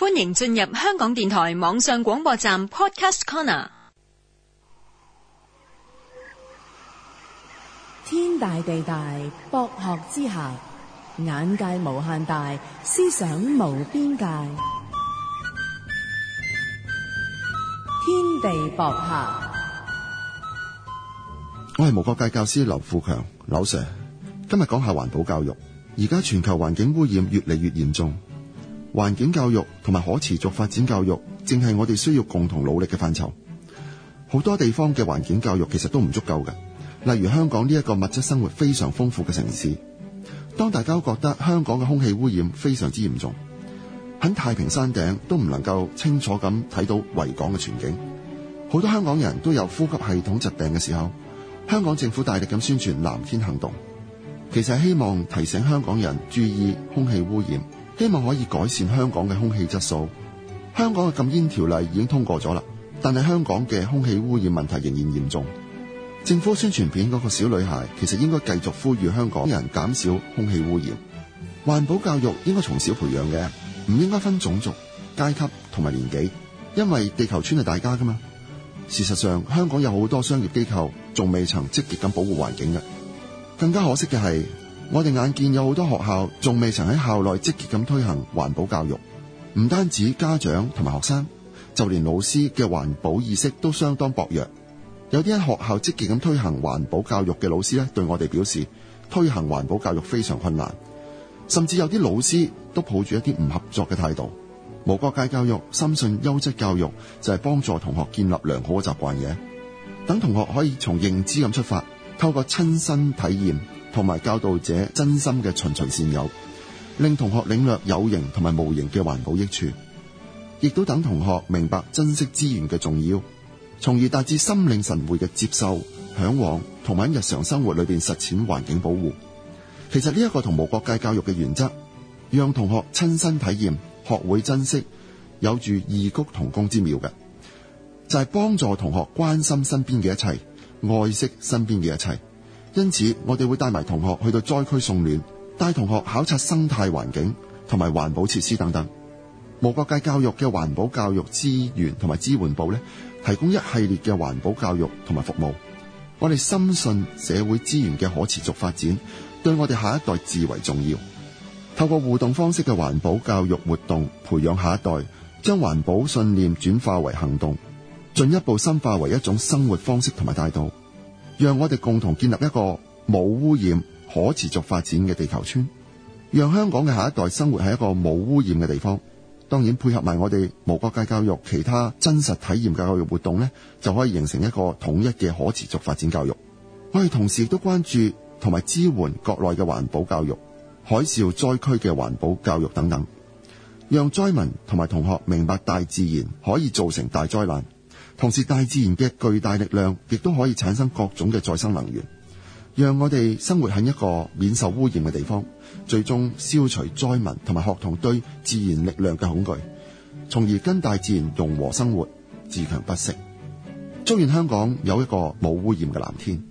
歡迎進入香港電台網上廣播站 Podcast Corner。天大地大，博學之下，眼界無限大，思想無邊界。天地博客。我係無國界教師劉富強，劉 Sir。今日講下環保教育。而家全球環境污染越嚟越嚴重。環境教育同埋可持續發展教育，正係我哋需要共同努力嘅範疇。好多地方嘅環境教育其實都唔足夠嘅，例如香港呢一個物質生活非常豐富嘅城市，當大家覺得香港嘅空氣污染非常之嚴重，喺太平山頂都唔能夠清楚咁睇到維港嘅全景，好多香港人都有呼吸系統疾病嘅時候，香港政府大力咁宣傳藍天行動，其實希望提醒香港人注意空氣污染。希望可以改善香港嘅空氣質素。香港嘅禁煙條例已經通過咗啦，但係香港嘅空氣污染問題仍然嚴重。政府宣傳片嗰個小女孩其實應該繼續呼籲香港人減少空氣污染。環保教育應該從小培養嘅，唔應該分種族、階級同埋年紀，因為地球村係大家噶嘛。事實上，香港有好多商業機構仲未曾積極咁保護環境嘅，更加可惜嘅係。我哋眼見有好多學校仲未曾喺校內積極咁推行環保教育，唔單止家長同埋學生，就連老師嘅環保意識都相當薄弱。有啲喺學校積極咁推行環保教育嘅老師咧，對我哋表示推行環保教育非常困難，甚至有啲老師都抱住一啲唔合作嘅態度。無國界教育深信優質教育就係幫助同學建立良好嘅習慣嘅，等同學可以從認知咁出發，透過親身體驗。同埋教導者真心嘅循循善誘，令同學領略有形同埋無形嘅環保益處，亦都等同學明白珍惜資源嘅重要，從而達至心領神會嘅接受、嚮往同埋喺日常生活裏邊實踐環境保護。其實呢一個同無國界教育嘅原則，讓同學親身體驗、學會珍惜，有住異曲同工之妙嘅，就係幫助同學關心身邊嘅一切，愛惜身邊嘅一切。因此，我哋會帶埋同學去到災區送暖，帶同學考察生態環境同埋環保設施等等。無國界教育嘅環保教育資源同埋支援部呢，提供一系列嘅環保教育同埋服務。我哋深信社會資源嘅可持續發展，對我哋下一代至為重要。透過互動方式嘅環保教育活動，培養下一代，將環保信念轉化為行動，進一步深化為一種生活方式同埋態度。讓我哋共同建立一個冇污染、可持續發展嘅地球村，讓香港嘅下一代生活喺一個冇污染嘅地方。當然配合埋我哋無國界教育其他真實體驗嘅教育活動呢，就可以形成一個統一嘅可持續發展教育。我哋同時亦都關注同埋支援國內嘅環保教育、海嘯災區嘅環保教育等等，讓災民同埋同學明白大自然可以造成大災難。同時，大自然嘅巨大力量亦都可以產生各種嘅再生能源，讓我哋生活喺一個免受污染嘅地方，最終消除災民同埋學童對自然力量嘅恐懼，從而跟大自然融合生活，自強不息，祝願香港有一個冇污染嘅藍天。